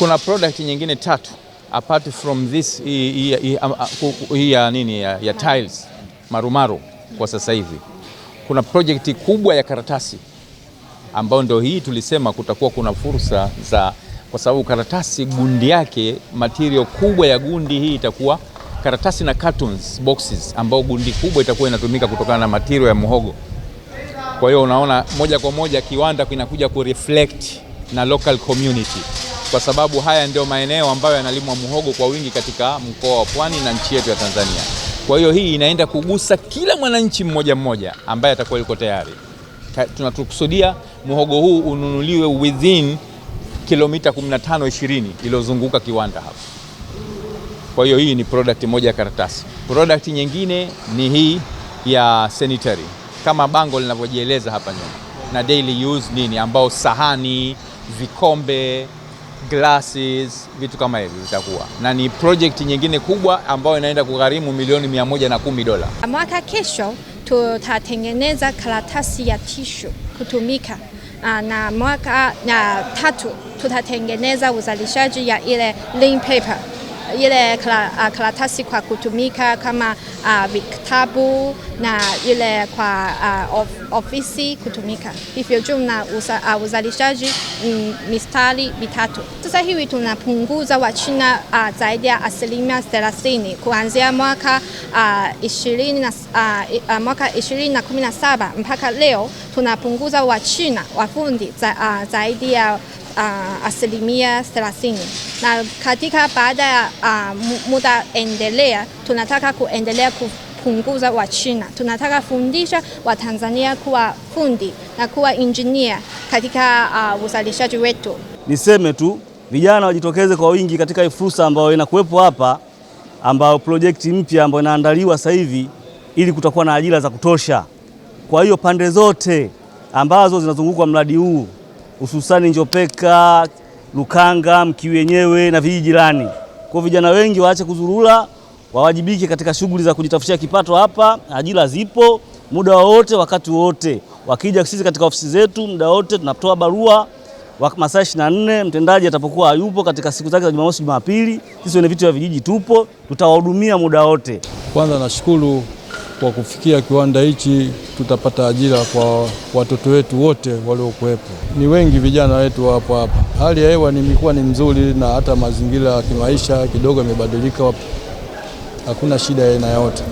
Kuna product nyingine tatu apart from this hii ya nini ya, ya tiles marumaru kwa sasa hivi kuna project kubwa ya karatasi ambayo ndio hii tulisema kutakuwa kuna fursa za, kwa sababu karatasi gundi yake material kubwa ya gundi hii itakuwa karatasi na cartons boxes, ambao gundi kubwa itakuwa inatumika kutokana na material ya muhogo. Kwa hiyo unaona moja kwa moja kiwanda kinakuja kureflect na local community kwa sababu haya ndio maeneo ambayo yanalimwa muhogo kwa wingi katika mkoa wa Pwani na nchi yetu ya Tanzania. Kwa hiyo hii inaenda kugusa kila mwananchi mmoja mmoja ambaye atakuwa yuko tayari. Tunatukusudia muhogo huu ununuliwe within kilomita 15 20 iliyozunguka kiwanda hapo. Kwa hiyo hii ni product moja ya karatasi. Product nyingine ni hii ya sanitary kama bango linavyojieleza hapa nyuma, na daily use nini, ambao sahani, vikombe glasses, vitu kama hivi vitakuwa, na ni project nyingine kubwa ambayo inaenda kugharimu milioni 110 dola. Mwaka kesho tutatengeneza karatasi ya tishu kutumika ah, na mwaka na tatu tutatengeneza uzalishaji ya ile lean paper ile ah, karatasi kwa kutumika kama uh, vitabu na ile kwa uh, of, ofisi kutumika. Hivyo jumla uzalishaji uh, um, mistari mitatu. Sasa hivi tunapunguza Wachina uh, zaidi ya asilimia 30 kuanzia mwaka uh, 20 na uh, mwaka 2017 mpaka leo tunapunguza Wachina wafundi za, uh, zaidi ya uh, asilimia 30 na katika baada ya uh, muda endelea, tunataka kuendelea kupunguza Wachina, tunataka fundisha Watanzania kuwa fundi na kuwa injinia katika uh, uzalishaji wetu. Niseme tu vijana wajitokeze kwa wingi katika fursa ambayo inakuwepo hapa, ambayo projekti mpya ambayo inaandaliwa sasa hivi, ili kutakuwa na ajira za kutosha. Kwa hiyo pande zote ambazo zinazungukwa mradi huu hususani Njopeka, Lukanga, Mkiu wenyewe na vijiji jirani. Kwa vijana wengi waache kuzurula wawajibike katika shughuli za kujitafutia kipato hapa. Ajira zipo muda wote, wakati wote. Wakija sisi katika ofisi zetu muda wote tunatoa barua masaa 24. Mtendaji atapokuwa hayupo katika siku zake za Jumamosi, Jumapili, sisi wenye viti vya vijiji tupo, tutawahudumia muda wote. Kwanza nashukuru kwa kufikia kiwanda hichi tutapata ajira kwa watoto wetu wote waliokuwepo. Ni wengi vijana wetu wapo hapa. Hali ya hewa imekuwa ni mzuri na hata mazingira ya kimaisha kidogo yamebadilika, hakuna shida ya aina yote.